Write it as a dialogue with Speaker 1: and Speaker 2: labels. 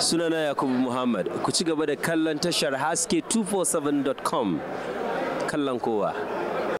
Speaker 1: sunana yakubu muhammad ku ci gaba da kallon tashar haske 247.com kallon kowa